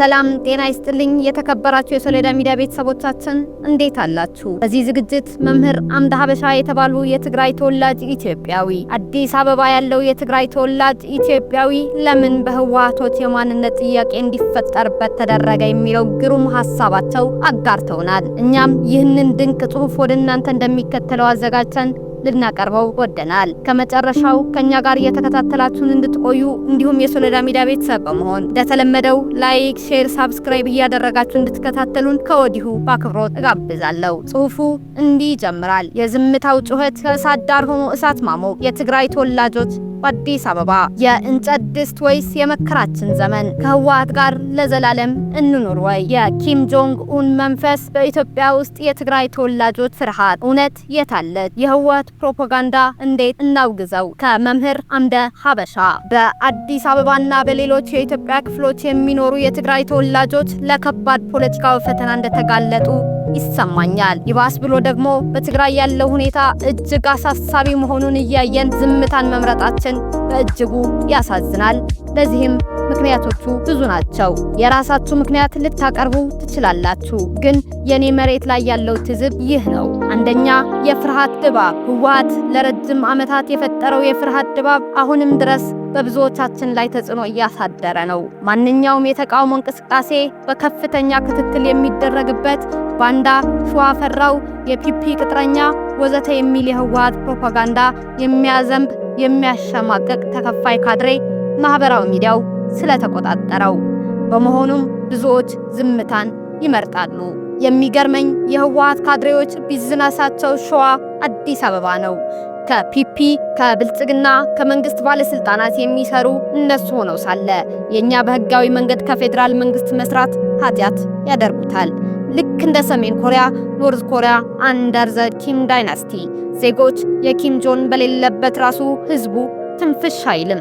ሰላም ጤና ይስጥልኝ። የተከበራችሁ የሶሌዳ ሚዲያ ቤተሰቦቻችን እንዴት አላችሁ? በዚህ ዝግጅት መምህር አምደ ሀበሻ የተባሉ የትግራይ ተወላጅ ኢትዮጵያዊ አዲስ አበባ ያለው የትግራይ ተወላጅ ኢትዮጵያዊ ለምን በህወሀቶች የማንነት ጥያቄ እንዲፈጠርበት ተደረገ የሚለው ግሩም ሀሳባቸው አጋርተውናል። እኛም ይህንን ድንቅ ጽሑፍ ወደ እናንተ እንደሚከተለው አዘጋጅተን ልናቀርበው ወደናል። ከመጨረሻው ከኛ ጋር እየተከታተላችሁን እንድትቆዩ እንዲሁም የሶሎዳ ሚዲያ ቤተሰብ በመሆን እንደተለመደው ላይክ፣ ሼር፣ ሳብስክራይብ እያደረጋችሁ እንድትከታተሉን ከወዲሁ በአክብሮት እጋብዛለሁ። ጽሁፉ እንዲህ ይጀምራል። የዝምታው ጩኸት ከእሳት ዳር ሆኖ እሳት ማሞቅ የትግራይ ተወላጆች በአዲስ አበባ የእንጨት ድስት ወይስ የመከራችን ዘመን? ከህወሓት ጋር ለዘላለም እንኑር ወይ? የኪም ጆንግ ኡን መንፈስ በኢትዮጵያ ውስጥ የትግራይ ተወላጆች ፍርሃት እውነት የታለች? የህወሓት ፕሮፓጋንዳ እንዴት እናውግዘው? ከመምህር አምደ ሀበሻ በአዲስ አበባና በሌሎች የኢትዮጵያ ክፍሎች የሚኖሩ የትግራይ ተወላጆች ለከባድ ፖለቲካዊ ፈተና እንደተጋለጡ ይሰማኛል። ይባስ ብሎ ደግሞ በትግራይ ያለው ሁኔታ እጅግ አሳሳቢ መሆኑን እያየን ዝምታን መምረጣችን በእጅጉ ያሳዝናል። ለዚህም ምክንያቶቹ ብዙ ናቸው። የራሳችሁ ምክንያት ልታቀርቡ ትችላላችሁ፣ ግን የኔ መሬት ላይ ያለው ትዝብ ይህ ነው። አንደኛ የፍርሃት ድባብ። ህወሓት ለረጅም ዓመታት የፈጠረው የፍርሃት ድባብ አሁንም ድረስ በብዙዎቻችን ላይ ተጽዕኖ እያሳደረ ነው። ማንኛውም የተቃውሞ እንቅስቃሴ በከፍተኛ ክትትል የሚደረግበት ባንዳ፣ ሸዋ ፈራው፣ የፒፒ ቅጥረኛ ወዘተ የሚል የህወሓት ፕሮፓጋንዳ የሚያዘንብ የሚያሸማቀቅ ተከፋይ ካድሬ ማህበራዊ ሚዲያው ስለተቆጣጠረው በመሆኑም ብዙዎች ዝምታን ይመርጣሉ። የሚገርመኝ የህወሓት ካድሬዎች ቢዝነሳቸው ሸዋ፣ አዲስ አበባ ነው። ከፒፒ ከብልጽግና ከመንግስት ባለስልጣናት የሚሰሩ እነሱ ሆነው ሳለ የኛ በህጋዊ መንገድ ከፌዴራል መንግስት መስራት ኃጢአት ያደርጉታል። እንደ ሰሜን ኮሪያ፣ ኖርዝ ኮሪያ አንደር ዘ ኪም ዳይናስቲ ዜጎች የኪም ጆን በሌለበት ራሱ ህዝቡ ትንፍሽ አይልም።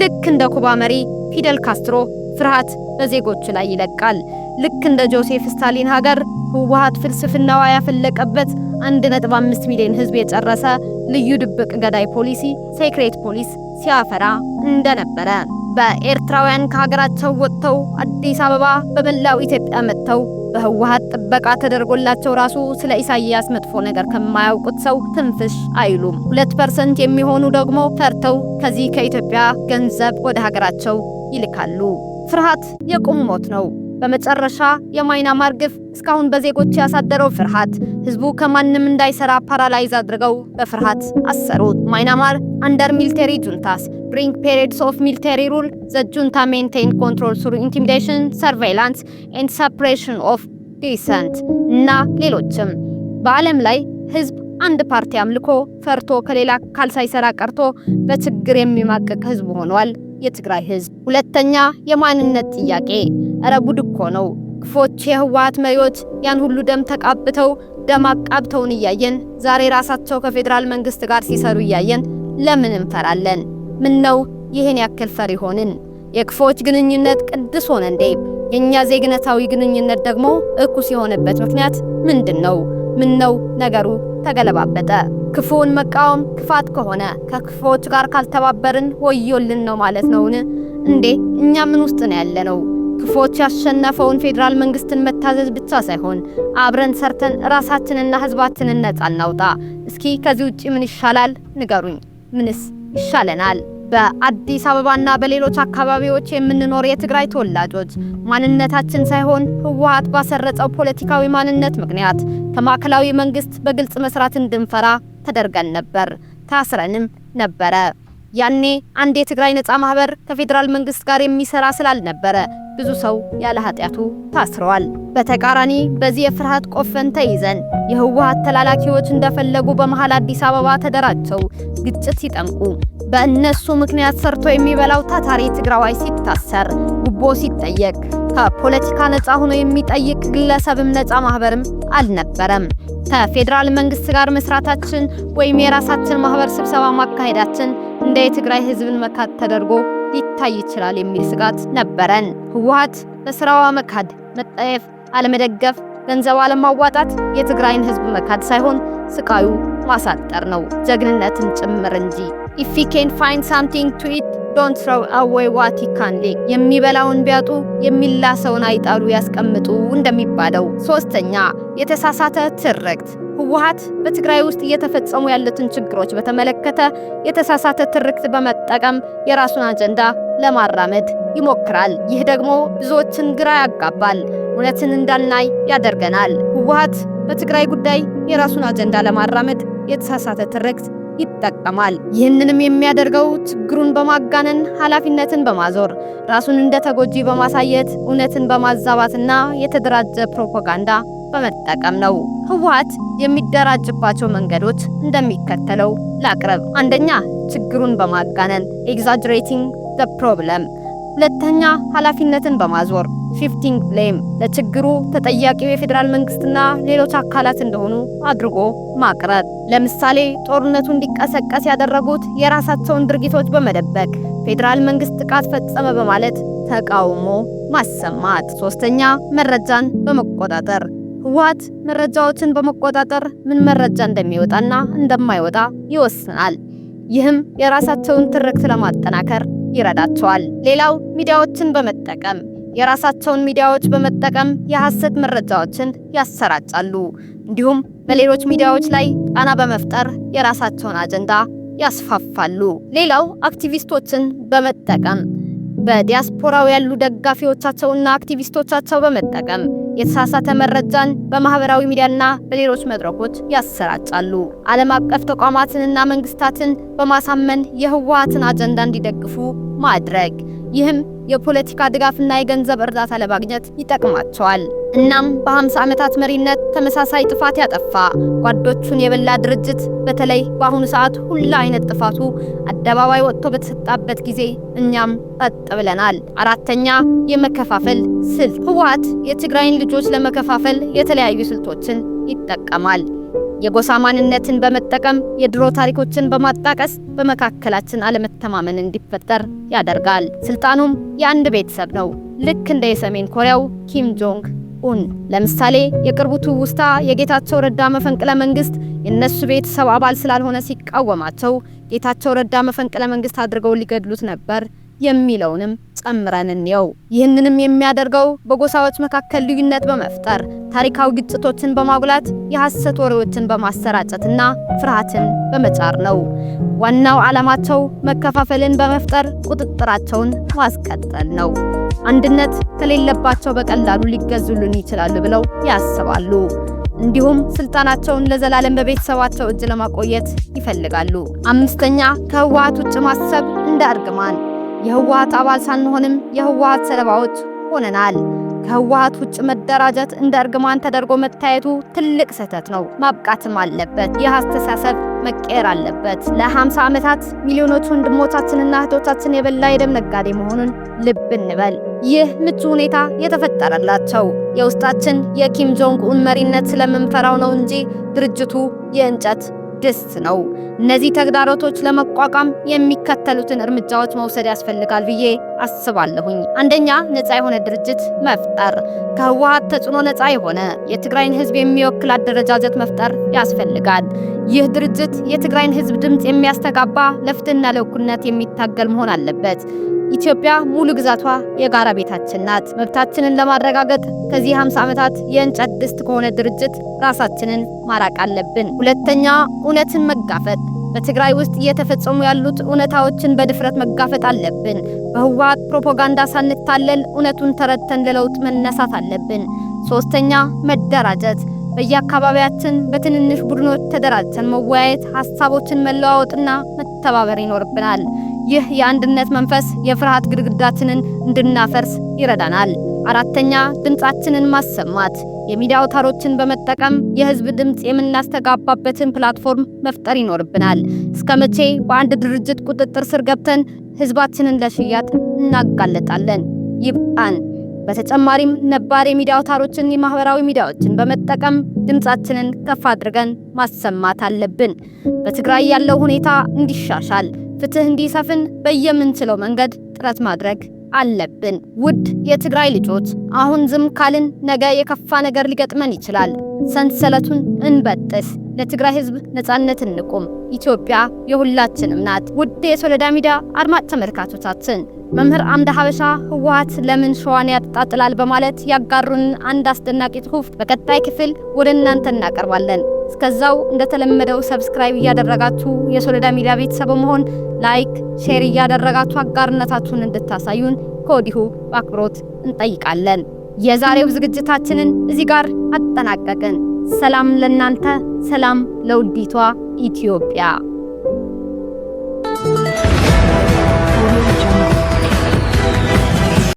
ልክ እንደ ኩባ መሪ ፊደል ካስትሮ ፍርሃት በዜጎቹ ላይ ይለቃል። ልክ እንደ ጆሴፍ ስታሊን ሀገር ህወሀት ፍልስፍናዋ ያፈለቀበት 1.5 ሚሊዮን ህዝብ የጨረሰ ልዩ ድብቅ ገዳይ ፖሊሲ ሴክሬት ፖሊስ ሲያፈራ እንደነበረ በኤርትራውያን ከሀገራቸው ወጥተው አዲስ አበባ በመላው ኢትዮጵያ መጥተው በህወሀት ጥበቃ ተደርጎላቸው ራሱ ስለ ኢሳይያስ መጥፎ ነገር ከማያውቁት ሰው ትንፍሽ አይሉም። ሁለት ፐርሰንት የሚሆኑ ደግሞ ፈርተው ከዚህ ከኢትዮጵያ ገንዘብ ወደ ሀገራቸው ይልካሉ። ፍርሃት የቁም ሞት ነው። በመጨረሻ የማይናማር ግፍ እስካሁን በዜጎች ያሳደረው ፍርሃት ህዝቡ ከማንም እንዳይሰራ ፓራላይዝ አድርገው በፍርሃት አሰሩት። ማይናማር አንደር ሚሊተሪ ጁንታስ ብሪንግ ፔሪድስ ኦፍ ሚሊተሪ ሩል ዘ ጁንታ ሜንቴን ኮንትሮል ሱሩ ኢንቲሚዴሽን ሰርቬይላንስ ኤንድ ሰፕሬሽን ኦፍ ዲሰንት እና ሌሎችም በዓለም ላይ ህዝብ አንድ ፓርቲ አምልኮ ፈርቶ ከሌላ ካልሳይሰራ ቀርቶ በችግር የሚማቀቅ ህዝብ ሆኗል። የትግራይ ህዝብ። ሁለተኛ የማንነት ጥያቄ። እረ ጉድ እኮ ነው። ክፎች የህወሓት መሪዎች ያን ሁሉ ደም ተቃብተው ደም አቃብተውን እያየን ዛሬ ራሳቸው ከፌዴራል መንግስት ጋር ሲሰሩ እያየን ለምን እንፈራለን? ምን ነው ይህን ያክል ፈሪ ሆንን? የክፎች ግንኙነት ቅዱስ ሆነ እንዴ? የእኛ ዜግነታዊ ግንኙነት ደግሞ እኩስ የሆነበት ምክንያት ምንድን ነው? ምነው ነገሩ ተገለባበጠ? ክፉውን መቃወም ክፋት ከሆነ ከክፉዎች ጋር ካልተባበርን ወዮልን ነው ማለት ነውን? እንዴ እኛ ምን ውስጥ ነው ያለነው? ክፉዎች ያሸነፈውን ፌዴራል መንግስትን መታዘዝ ብቻ ሳይሆን አብረን ሰርተን ራሳችንና ህዝባችንን ነጻ እናውጣ። እስኪ ከዚህ ውጭ ምን ይሻላል ንገሩኝ። ምንስ ይሻለናል? በአዲስ አበባና በሌሎች አካባቢዎች የምንኖር የትግራይ ተወላጆች ማንነታችን ሳይሆን ህወሓት ባሰረጸው ፖለቲካዊ ማንነት ምክንያት ከማዕከላዊ መንግስት በግልጽ መስራት እንድንፈራ ተደርገን ነበር። ታስረንም ነበረ። ያኔ አንድ የትግራይ ነጻ ማህበር ከፌዴራል መንግስት ጋር የሚሰራ ስላልነበረ ብዙ ሰው ያለ ኃጢአቱ ታስረዋል። በተቃራኒ በዚህ የፍርሃት ቆፈን ተይዘን የህወሓት ተላላኪዎች እንደፈለጉ በመሃል አዲስ አበባ ተደራጅተው ግጭት ሲጠምቁ፣ በእነሱ ምክንያት ሰርቶ የሚበላው ታታሪ ትግራዋይ ሲታሰር፣ ጉቦ ሲጠየቅ፣ ከፖለቲካ ነጻ ሆኖ የሚጠይቅ ግለሰብም ነጻ ማህበርም አልነበረም። ከፌዴራል መንግስት ጋር መስራታችን ወይም የራሳችን ማህበር ስብሰባ ማካሄዳችን እንደ የትግራይ ህዝብን መካድ ተደርጎ ሊታይ ይችላል የሚል ስጋት ነበረን። ህወሓት በስራዋ መካድ፣ መጠየፍ፣ አለመደገፍ፣ ገንዘብ አለማዋጣት የትግራይን ህዝብ መካድ ሳይሆን ስቃዩ ማሳጠር ነው፣ ጀግንነትን ጭምር እንጂ ኢፍ ዩ ካን ፋይንድ ሳምቲንግ ቱ ኢት ዶንት ትሮው አዌይ ዋት ካን ሊክ የሚበላውን ቢያጡ የሚላሰውን አይጣሉ ያስቀምጡ እንደሚባለው። ሶስተኛ የተሳሳተ ትርክት ህወሀት በትግራይ ውስጥ እየተፈጸሙ ያሉትን ችግሮች በተመለከተ የተሳሳተ ትርክት በመጠቀም የራሱን አጀንዳ ለማራመድ ይሞክራል። ይህ ደግሞ ብዙዎችን ግራ ያጋባል፣ እውነትን እንዳናይ ያደርገናል። ህወሀት በትግራይ ጉዳይ የራሱን አጀንዳ ለማራመድ የተሳሳተ ትርክት ይጠቀማል። ይህንንም የሚያደርገው ችግሩን በማጋነን ኃላፊነትን በማዞር ራሱን እንደ ተጎጂ በማሳየት እውነትን በማዛባትና የተደራጀ ፕሮፓጋንዳ በመጠቀም ነው። ህወሓት የሚደራጅባቸው መንገዶች እንደሚከተለው ላቅረብ አንደኛ ችግሩን በማጋነን ኤግዛጀሬቲንግ ዘ ፕሮብለም፣ ሁለተኛ ኃላፊነትን በማዞር ሺፍቲንግ ብሌም ለችግሩ ተጠያቂው የፌዴራል መንግስትና ሌሎች አካላት እንደሆኑ አድርጎ ማቅረብ። ለምሳሌ ጦርነቱ እንዲቀሰቀስ ያደረጉት የራሳቸውን ድርጊቶች በመደበቅ ፌዴራል መንግስት ጥቃት ፈጸመ በማለት ተቃውሞ ማሰማት። ሶስተኛ መረጃን በመቆጣጠር ህወሓት መረጃዎችን በመቆጣጠር ምን መረጃ እንደሚወጣና እንደማይወጣ ይወስናል። ይህም የራሳቸውን ትርክት ለማጠናከር ይረዳቸዋል። ሌላው ሚዲያዎችን በመጠቀም የራሳቸውን ሚዲያዎች በመጠቀም የሐሰት መረጃዎችን ያሰራጫሉ። እንዲሁም በሌሎች ሚዲያዎች ላይ ጫና በመፍጠር የራሳቸውን አጀንዳ ያስፋፋሉ። ሌላው አክቲቪስቶችን በመጠቀም በዲያስፖራው ያሉ ደጋፊዎቻቸውና አክቲቪስቶቻቸው በመጠቀም የተሳሳተ መረጃን በማህበራዊ ሚዲያና በሌሎች መድረኮች ያሰራጫሉ። ዓለም አቀፍ ተቋማትንና መንግስታትን በማሳመን የህወሓትን አጀንዳ እንዲደግፉ ማድረግ ይህም የፖለቲካ ድጋፍና የገንዘብ እርዳታ ለማግኘት ይጠቅማቸዋል። እናም በ50 ዓመታት መሪነት ተመሳሳይ ጥፋት ያጠፋ ጓዶቹን የበላ ድርጅት በተለይ በአሁኑ ሰዓት ሁላ አይነት ጥፋቱ አደባባይ ወጥቶ በተሰጣበት ጊዜ እኛም ጠጥ ብለናል። አራተኛ የመከፋፈል ስልት። ህወሓት የትግራይን ልጆች ለመከፋፈል የተለያዩ ስልቶችን ይጠቀማል። የጎሳ ማንነትን በመጠቀም የድሮ ታሪኮችን በማጣቀስ በመካከላችን አለመተማመን እንዲፈጠር ያደርጋል። ስልጣኑም የአንድ ቤተሰብ ነው፣ ልክ እንደ የሰሜን ኮሪያው ኪም ጆንግ ኡን። ለምሳሌ የቅርቡ ትውስታ የጌታቸው ረዳ መፈንቅለ መንግስት የእነሱ ቤተሰብ አባል ስላልሆነ ሲቃወማቸው ጌታቸው ረዳ መፈንቅለ መንግስት አድርገው ሊገድሉት ነበር የሚለውንም ጨምረን እንየው። ይህንንም የሚያደርገው በጎሳዎች መካከል ልዩነት በመፍጠር ታሪካዊ ግጭቶችን በማጉላት የሐሰት ወሬዎችን በማሰራጨትና ፍርሃትን በመጫር ነው። ዋናው ዓላማቸው መከፋፈልን በመፍጠር ቁጥጥራቸውን ማስቀጠል ነው። አንድነት ከሌለባቸው በቀላሉ ሊገዙልን ይችላሉ ብለው ያስባሉ። እንዲሁም ስልጣናቸውን ለዘላለም በቤተሰባቸው እጅ ለማቆየት ይፈልጋሉ። አምስተኛ ከህወሓት ውጭ ማሰብ እንደ እርግማን የህወሓት አባል ሳንሆንም የህወሓት ሰለባዎች ሆነናል። ከህወሓት ውጭ መደራጀት እንደ እርግማን ተደርጎ መታየቱ ትልቅ ስህተት ነው። ማብቃትም አለበት። ይህ አስተሳሰብ መቀየር አለበት። ለ50 ዓመታት ሚሊዮኖች ወንድሞቻችንና እህቶቻችን የበላ የደም ነጋዴ መሆኑን ልብ እንበል። ይህ ምቹ ሁኔታ የተፈጠረላቸው የውስጣችን የኪም ጆንግ ኡን መሪነት ስለምንፈራው ነው እንጂ ድርጅቱ የእንጨት ድስት ነው። እነዚህ ተግዳሮቶች ለመቋቋም የሚከተሉትን እርምጃዎች መውሰድ ያስፈልጋል ብዬ አስባለሁኝ። አንደኛ፣ ነፃ የሆነ ድርጅት መፍጠር፣ ከህወሓት ተጽዕኖ ነፃ የሆነ የትግራይን ህዝብ የሚወክል አደረጃጀት መፍጠር ያስፈልጋል። ይህ ድርጅት የትግራይን ህዝብ ድምፅ የሚያስተጋባ ለፍትህና ለእኩልነት የሚታገል መሆን አለበት። ኢትዮጵያ ሙሉ ግዛቷ የጋራ ቤታችን ናት። መብታችንን ለማረጋገጥ ከዚህ 50 ዓመታት የእንጨት ድስት ከሆነ ድርጅት ራሳችንን ማራቅ አለብን። ሁለተኛ፣ እውነትን መጋፈጥ በትግራይ ውስጥ እየተፈጸሙ ያሉት እውነታዎችን በድፍረት መጋፈጥ አለብን። በህወሓት ፕሮፓጋንዳ ሳንታለል እውነቱን ተረድተን ለለውጥ መነሳት አለብን። ሶስተኛ፣ መደራጀት በየአካባቢያችን በትንንሽ ቡድኖች ተደራጅተን መወያየት፣ ሀሳቦችን መለዋወጥና መተባበር ይኖርብናል። ይህ የአንድነት መንፈስ የፍርሃት ግድግዳችንን እንድናፈርስ ይረዳናል። አራተኛ ድምጻችንን ማሰማት የሚዲያ አውታሮችን በመጠቀም የህዝብ ድምፅ የምናስተጋባበትን ፕላትፎርም መፍጠር ይኖርብናል። እስከ መቼ በአንድ ድርጅት ቁጥጥር ስር ገብተን ህዝባችንን ለሽያጥ እናጋለጣለን? ይብቃን። በተጨማሪም ነባር የሚዲያ አውታሮችን፣ የማህበራዊ ሚዲያዎችን በመጠቀም ድምፃችንን ከፍ አድርገን ማሰማት አለብን። በትግራይ ያለው ሁኔታ እንዲሻሻል ፍትህ እንዲሰፍን በየምንችለው መንገድ ጥረት ማድረግ አለብን። ውድ የትግራይ ልጆች አሁን ዝም ካልን ነገ የከፋ ነገር ሊገጥመን ይችላል። ሰንሰለቱን እንበጥስ። ለትግራይ ህዝብ ነጻነት እንቁም። ኢትዮጵያ የሁላችንም ናት። ውድ የሶለዳ ሚዲያ አድማጭ ተመልካቾቻችን መምህር አምደ ሀበሻ ህወሀት ለምን ሸዋን ያጣጥላል በማለት ያጋሩንን አንድ አስደናቂ ጽሁፍ በቀጣይ ክፍል ወደ እናንተ እናቀርባለን። እስከዛው እንደተለመደው ሰብስክራይብ እያደረጋችሁ የሶለዳ ሚዲያ ቤተሰብ መሆን ላይክ፣ ሼር እያደረጋችሁ አጋርነታችሁን እንድታሳዩን ከወዲሁ በአክብሮት እንጠይቃለን። የዛሬው ዝግጅታችንን እዚህ ጋር አጠናቀቅን። ሰላም ለእናንተ፣ ሰላም ለውዲቷ ኢትዮጵያ።